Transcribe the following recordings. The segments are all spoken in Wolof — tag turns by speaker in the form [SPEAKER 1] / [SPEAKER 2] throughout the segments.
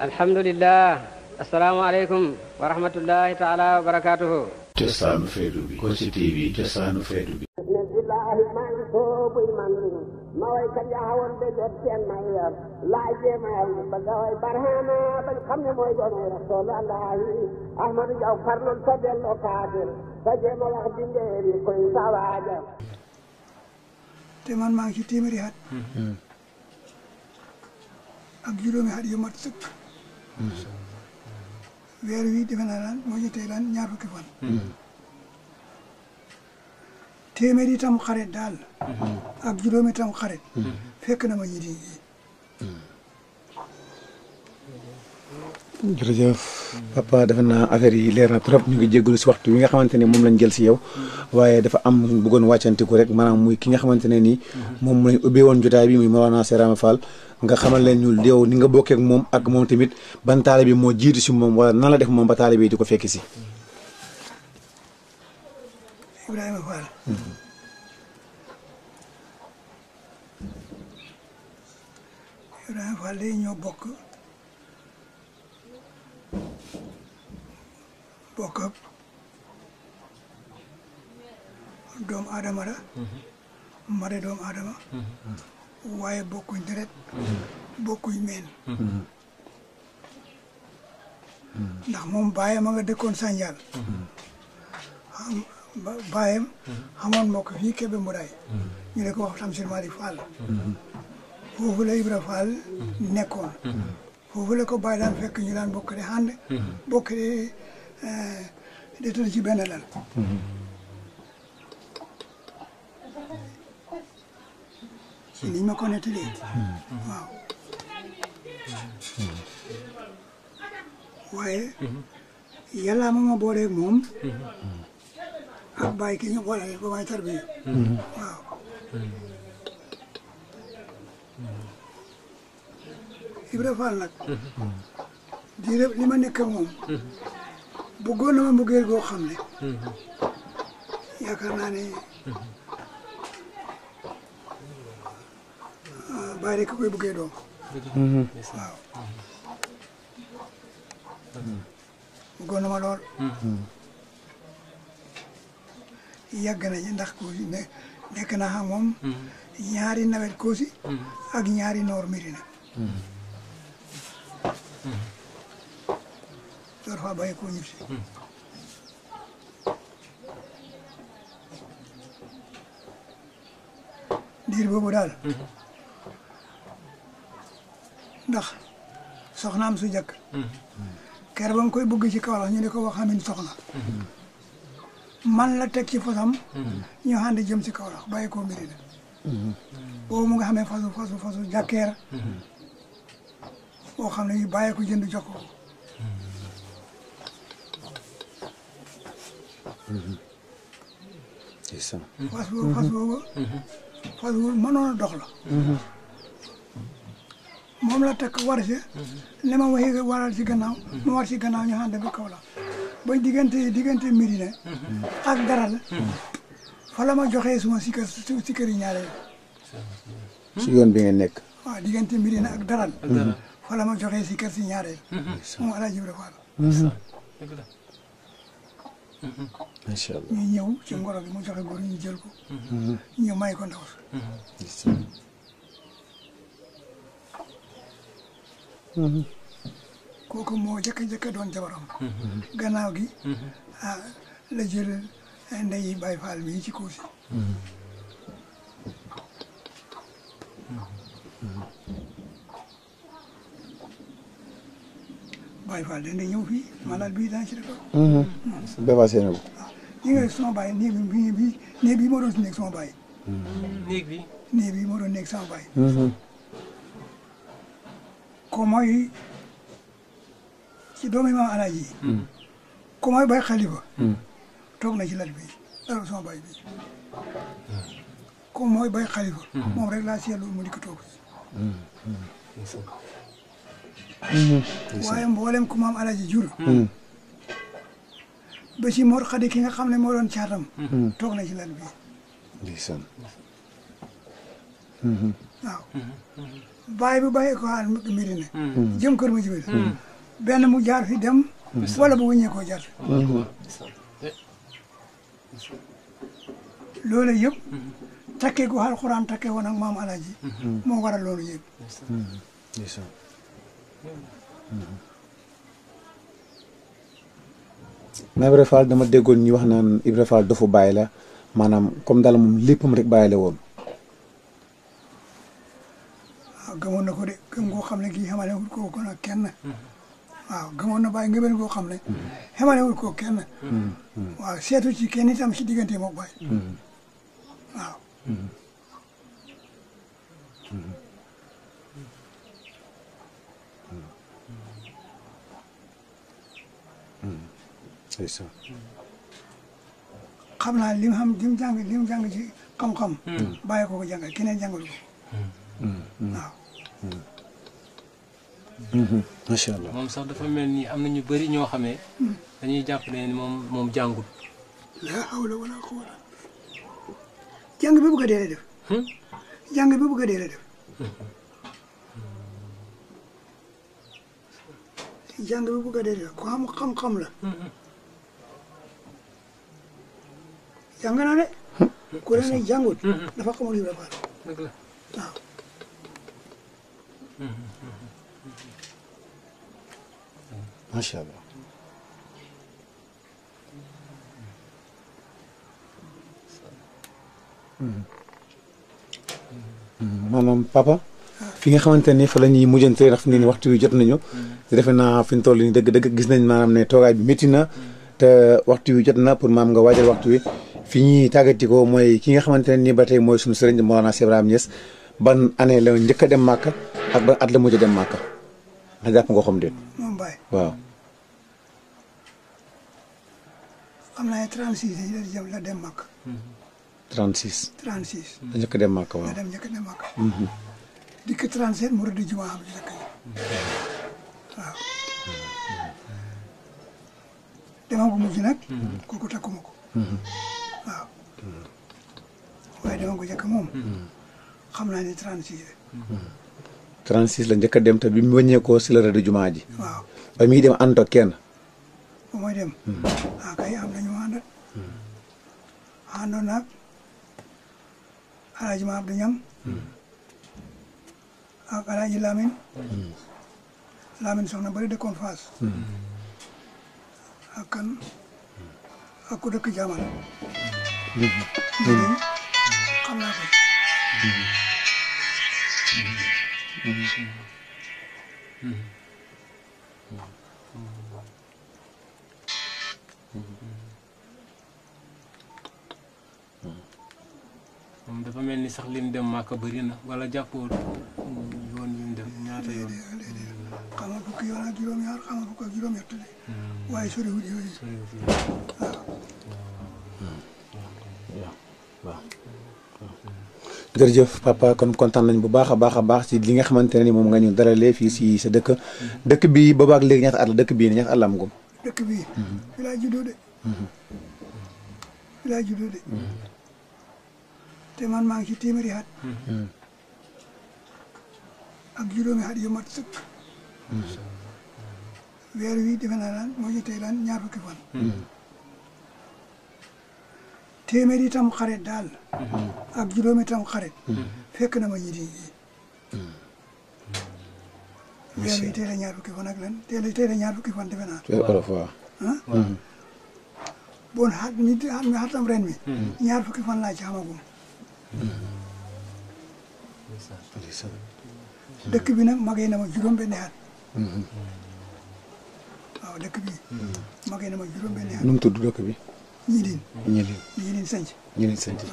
[SPEAKER 1] alhamdulillah asalaamaaleykum wa rahmatullahi taala wa barakaatuhu
[SPEAKER 2] cosaanu feetu bi Kossy TV cosaanu feetu bi
[SPEAKER 1] ne ma way kat yaa woon de jot seen may yor laaj jee mayal ba nga way rasulallahi ahmadu jaw farlul sa delloo kaadir
[SPEAKER 3] sa jéema wax bindéer yi koy sa maa ngi ci téeméeri at hmm. ak juróomi at yu mat sëkk weer wi defe naa daan moo ñaar fukki fan. téeméeri tam xarit daal. Mm-hmm. ak juróomi tam xarit. Mm-hmm. fekk na ma ñi di
[SPEAKER 2] jërëjëf papa dafa naa affaire yi leer na trop ñu ngi jégalu si waxtu bi nga xamante ne moom lañ jël si yow waaye dafa am ñu bëggoon wàccantiku rek maanaam muy ki nga xamante ne nii moom lañ ubbee woon jotaay bi muy Mawlana Serama Fall nga xamal leen ñu yow ni nga bokkee ak moom ak moom tamit ban taale bi moo jiitu si moom wala nan la def moom ba taale bi di ko fekki si Ibrahima Fall mhm.
[SPEAKER 3] Ibrahima Fall day ñoo bokk bokk ak doomu aadama la. Mm-hmm. mare doomu aadama. Mm-hmm. waaye bokkuñ deret. Mm-hmm. bokkuñ meen. ndax moom baayam a nga dëkkoon Sanjaan. xam baayam. xamoon mbokk fii Kébé Mbodj. ñu ne wax Tamsir Malick Fall. foofu la Ibra Fall nekkoon. foofu la ko bàyyi fekk ñu daan bokk di ànd. bokk Eh, di tëdd ci benn lal. ci niñ ma ko nettalee. waaw. waaye. yàlla ma ma booleeg moom. ak bàyyi ki ñu boole ba may tarbiya. waaw. Ibra Fall nag. di li ma nekk moom. बुगो नम बुगे गो खामने यानी बाहर के कोई बुगे दो बुगो नम यज्ञ ना कोई नेक ना हम हम यारी नवेद कोसी अग यारी नौर ना तो हाँ भाई कौन से दीर्घ बुढ़ाल दख सखनाम सुजक कैरवन कोई बुगी जी का वाला नहीं लेकर वहाँ मिल सकना मन लटक की फसम यहाँ ने जम से का वाला को मिले
[SPEAKER 1] ना
[SPEAKER 3] वो मुझे हमें फसु फसु फसु जकेर वो हमने ये भाई को जिंदा जको
[SPEAKER 1] c'est ça. fas woowu fas woowu.
[SPEAKER 3] fas woowu mënoon a dox moom la takk war si. ne ma waxee waral si gannaaw. mu war si gannaaw ñu ànd kaw la. ba diggante diggante Médina. ak Daral. fa la ma joxee suma sikar sikar yi ñaareel. si
[SPEAKER 2] yoon bi nga nekk.
[SPEAKER 3] waaw diggante Médina ak Daral. fa ma joxee sikar si ñaareel. moom El Hadj Ibrahima
[SPEAKER 2] Fall.
[SPEAKER 1] macha allah ñu
[SPEAKER 3] ñëw ci ngoro gi mu joxe góor ñu jël ko. ñu may ko ndaw si. kooku moo jëkk jëkk doon jabaram. gannaaw gi. ah la jël ndeyi Baay Faal mi ci Kossy. Baye Fall dañ lay ñëw fii malade bi daañu si def.
[SPEAKER 2] dépassé mhm. na ko. waaw
[SPEAKER 3] ñu ngi baay néeg bi bi néeg bi moo doon si nekk sama baay. néeg bi. néeg bi moo doon nekk sama baay. ko mooy doomi maam Alaaji. Mhm. ko mooy Baye Khalifa. Mhm. toog na ci lal bi lal sama baay bi. ko mooy Baye Khalifa. moom rek laa mu di toog.
[SPEAKER 1] Mm-hmm. waaye
[SPEAKER 3] mboolem ku maam alaji jur mm-hmm. ba ci Mor Xadi ki nga xam ne moo doon caatam mm-hmm. toog na ci lal bi ndeysaan waaw bu bàyyi ko xaal mbiri ne jëm kër ma jibél benn mu jaar fi dem wala bu wëññee koo jaar loolu yëpp takkee gu xaal xuraan takkee woon ak maam moo waral loolu yëpp
[SPEAKER 2] mais Ibra Fall dama déggoon ñu wax naan Ibra Fall dafa bàyyi la maanaam comme daal moom léppam rek bàyyi la woon.
[SPEAKER 3] waaw ah, gëmoon na ko de gëm koo xam ne kii xamale wul koo kenn. waaw gëmoon na bàyyi ngëbeen koo xam ne. xamale wul koo kenn.
[SPEAKER 1] Mm-hmm.
[SPEAKER 3] waaw seetu ci kenn tam si diggante moo bàyyi.
[SPEAKER 1] Mm-hmm. waaw. Mm-hmm. xam
[SPEAKER 3] naa lim mu xam jàng li mu jàng ci xam-xam. Hmm. Hmm. bàyyi ko ko jàngal keneen jàngal ko.
[SPEAKER 1] Hmm. waaw. macha moom sax dafa mel nii am na ñu bari ñoo xamee. dañuy jàpp ne moom moom jàngul.
[SPEAKER 3] laa hawla wala quwwata jàng bi bëgg a dee la def. jàng bi bëgg a dee la def. jàng bi bëgg a dee la def ku am xam-xam la. jàng naa hmm. hmm, hmm. dafa xamul Ibra Faal.
[SPEAKER 2] dëgg la papa. fi nga xamante ni fa la ñuy mujjante ndax fi mu waxtu yu jot nañu. te defe naa fi mu toll nii dëgg-dëgg gis nañ maanaam ne toogaay bi métti na. te waxtu yu jot na pour maam nga waajal waxtu wi. fi tagati ko moy ki nga xamantene ni batay moy tey mooy suñu sëriñ di Cheikh ban année la ñëk dem makka ak ban at la mujj a dem makka ndax japp nga xam de moom Baye waaw.
[SPEAKER 3] am na ne 36 la la dem makka 36. 36. la
[SPEAKER 2] dem Màkka waaw dem
[SPEAKER 1] dem
[SPEAKER 3] waaw waaye dama ko njëkk moom xam naa ne 36
[SPEAKER 2] la la njëkk a dem te bi mu wàññeekoo si la rëdd jumaa ji waaw ba muy dem ànd kenn ba dem hmm.
[SPEAKER 3] ah kay am nañu àndal àndoon naag alaaji ma Abdou Ñam ak alaaji lamin hmm. Lamine soxna bari dëkkoon Faas hmm. ak kan ak ku dëkk Jaamal
[SPEAKER 1] xam naa ko moom dafa mel ni sax lim dem màkk bëri na wala jàppoo yoon lim dem ñaata yoon.
[SPEAKER 3] xama fukki yoon ak juróom-ñaar xama fukk ak juróom-ñett de. Hmm. waaye soriwul yooyu. waaw.
[SPEAKER 2] jërëjëf papa kon kontaan nañ bu baaxa baaxa baax ci li nga xamantene ni mom nga ñu dalalee fi ci sa dëkk mhm. dëkk bi boobaak léegi ñaata at la dëkk bi ne ñaata am gum
[SPEAKER 3] dëkk bi mhm. fi laa juddoo de mhm. fi laa juddoo de té man ma ngi ci téeméeri at ak mi hat yu mat sëkk wër wi defe naa lan moo ñu téy lan ñaar ko fan téeméeri tam xarit daal. ak juróomi tam xarit. fekk na ma yidi yi. weer wi teel a ñaar fukki fan ak lan teel a fukki fan defe naa. Ah? bon xat mi ren mi. Hmm. ñaar fukki fan laa ci xamagum.
[SPEAKER 1] Hmm.
[SPEAKER 3] dëkk bi nag magee na ma juróom benni at. Hmm. waaw dëkk bi. magee na ma juróom benni at. nu mu tudd dëkk bi. ñi
[SPEAKER 2] liin ñi liin ñi liin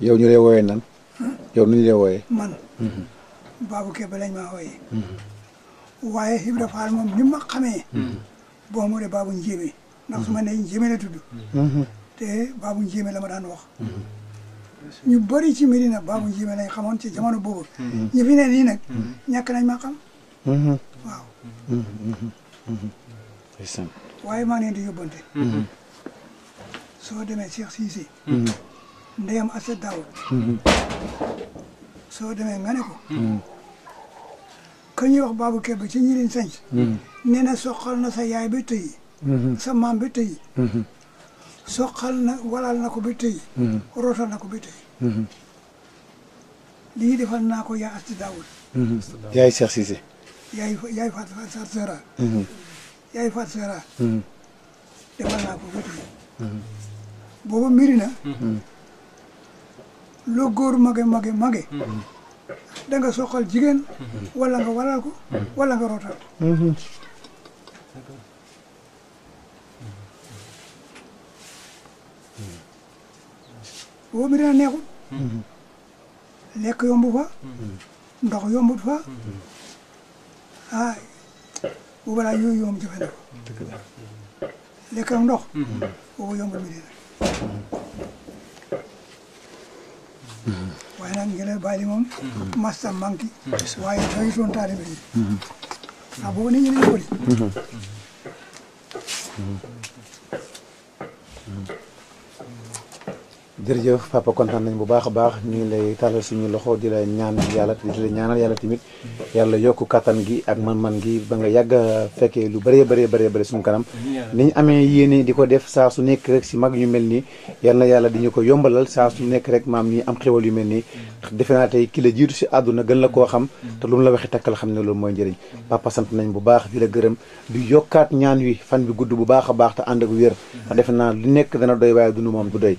[SPEAKER 2] yow ñu lay wooyee nan hmm? yow nu ñu lay wooyee man hmm.
[SPEAKER 3] Babou Kébé lañ maa wooyee
[SPEAKER 2] hmm.
[SPEAKER 3] waaye Ibra Fall moom ni ma xamee boo mu de Babou Njéeme ndax su ma nee Njéeme la tudd te Babou Njéeme la ma daan wax ñu bëri ci Medina Babou Njéeme lañ xamoon ci jamono boobu ñi fi ne nii nag ñàkk nañ maa xam waaye ma ngi leen di mm-hmm. soo demee Cheikh Cissé. Mm-hmm. ndeyam Assa Daw. Mm-hmm. soo demee nga ne ko. ka ñuy wax Babou Kébé ci ñi leen sañ. nee na soxal na sa yaay ba tey. sa maam ba tey. soxal na walal na ko ba tey. rootal na ko ba tey. lii naa ko yaa Assa Daw.
[SPEAKER 2] yaay Cheikh Cissé.
[SPEAKER 3] yaay yaay Fatou Fatou yaay Fatou Sera. Hmm. defal naa ko Fatick. booba mbiri
[SPEAKER 2] hmm.
[SPEAKER 3] loo góor mage mage mage. Hmm. da nga soxal jigéen. wala nga waral ko. wala nga rootal ko. booba mbiri na
[SPEAKER 1] neexul.
[SPEAKER 3] yombu fa. ndox yombut fa. ah boobu daal yooyu yoom jafe na ko. lekk ak ndox. Mm-hmm. boobu yombul mi dina. Mm-hmm. waaye nag ngelaw bàyyi moom. Mm-hmm. massa manqué. waaye doy toon taalibe yi. ah boobu nit ñi dañu
[SPEAKER 2] ko jërëjëf papa kontaan nañ bu baax a baax ñu ngi lay tàllal suñu loxo di la ñaan yàlla di la ñaanal yàlla tamit yokk kattan gi ak man-man gi ba nga yàgg fekkee lu bëree bëree bëree bëri suñu kanam ni ñu amee yéene di ko def saa su nekk rek si mag yu mel nii yal na yàlla di ñu ko yombalal saa su nekk rek maam ñi am xéwal yu mel nii defe naa tey ki jiitu si àdduna gën la koo xam te lu mu la waxi takkal xam ne loolu mooy njëriñ papa sant nañ bu baax di la gërëm di yokkaat ñaan wi fan bi gudd bu baax a baax te ànd ak wér te defe naa nekk dana doy waaye dunu moom du doy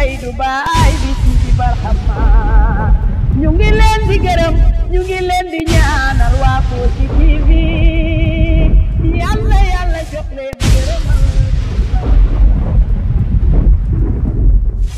[SPEAKER 1] fay du baay bi ci leen di gërëm ñu leen di ñaanal waa Kossy TV